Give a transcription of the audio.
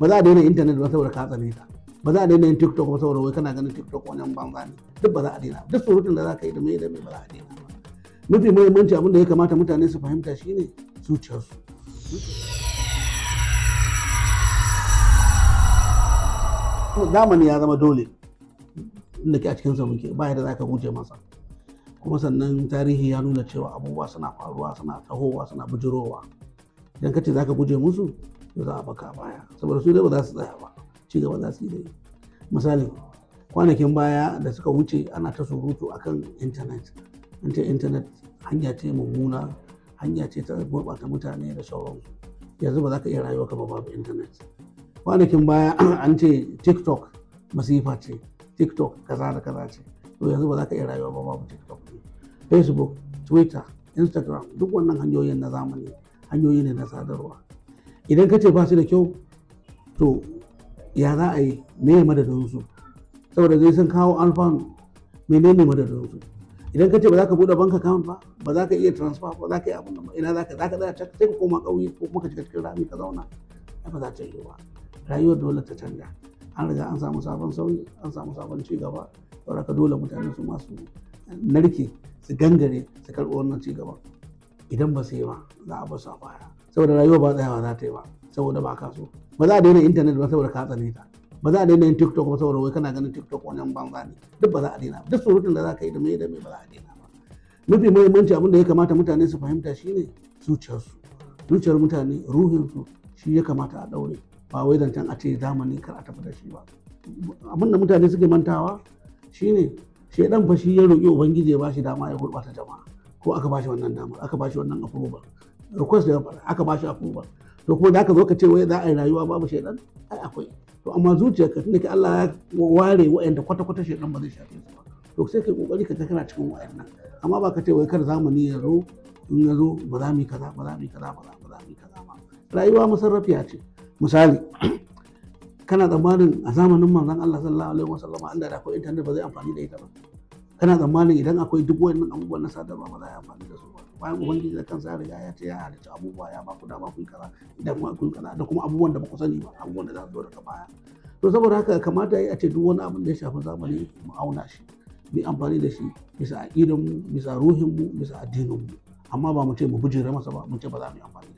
ba za a daina intanet ba saboda ka tsane ta ba za a daina yin tiktok ba saboda wai kana ganin tiktok wajen banza ne duk ba za a daina duk surutun da za ka yi da mai da mai ba za a daina ba mafi muhimmanci abin da ya kamata mutane su fahimta shine zuciyarsu zamani ya zama dole inda ke a cikin samun ke ba da za ka guje masa kuma sannan tarihi ya nuna cewa abubuwa suna faruwa suna tahowa suna bujirowa idan ka ce za ka guje musu da za a baka baya saboda su dai ba za su tsaya ba ci gaba za su yi dai misali kwanakin baya da suka wuce ana ta surutu akan intanet an ce intanet hanya ce mummuna hanya ce ta gurɓata mutane da sauransu yanzu ba za ka iya rayuwa ka ba babu intanet kwanakin baya an ce tiktok masifa ce tiktok kaza da kaza ce to yanzu ba za ka iya rayuwa ba babu tiktok facebook twitter instagram duk wannan hanyoyin na zamani hanyoyi ne na sadarwa idan ka ce ba su da kyau to ya za a yi me ya su saboda zai san kawo alfanu menene su idan ka ce ba za ka buɗe banka account ba ba za ka iya transfer ba za ka yi abin da ina za ka za ka tsaya ka sai ka koma ƙauye ko kuma ka shiga cikin rami ka zauna Ya ba za ta yi ba rayuwar dole ta canja an riga an samu sabon sauyi an samu sabon ci gaba saboda ka dole mutane su masu narke su gangare su karɓi wannan ci gaba idan ba su yi ba za a su a baya saboda rayuwa ba tsayawa za ta yi ba saboda ba ka so ba za a daina intanet ba saboda ka tsane ta ba za a daina yin tiktok ba saboda wai kana ganin tiktok wannan banza ne duk ba za a daina duk surutun da za ka yi da mai da mai ba za a daina ba mafi muhimmanci abin da ya kamata mutane su fahimta shine zuciyarsu zuciyar mutane ruhinsu shi ya kamata a daure ba wai zancen a ce zamani kar a tafi da shi ba abin da mutane suke mantawa shine dan fa shi ya roƙi ubangiji ya bashi dama ya gurɓata jama'a ko aka bashi wannan dama aka bashi wannan approval request da aka ba shi kuma to kuma da aka zo ka ce wai za a yi rayuwa babu shaidan ai akwai to amma zuciyar ka tunda Allah ya ware wa'anda kwata-kwata shaidan ba zai shafe su ba to sai kai kokari ka kana cikin wa'annan amma ba ka ce wai kar zamani ya zo in ya zo ba za mu yi kaza ba za mu yi kaza ba za mu yi kaza ba rayuwa masarrafiya ce misali kana tsammanin a zamanin manzon Allah sallallahu alaihi wasallam an da akwai internet ba zai amfani da ita ba kana tsammanin idan akwai duk wannan abubuwan na sadarwa ba za a amfani da su ba bayan ubangiji da kansa ya riga ya ce ya halitta abubuwa ya ba ku dama kun kaza idan ma kun kaza da kuma abubuwan da ba ku sani ba abubuwan da za su zo daga baya to saboda haka kamata ya ce duk wani abin da ya shafi zamani mu auna shi mu amfani da shi bisa aqidan mu bisa ruhin mu bisa addinin mu amma ba mu ce mu bujira masa ba mu ce ba za mu yi amfani da shi.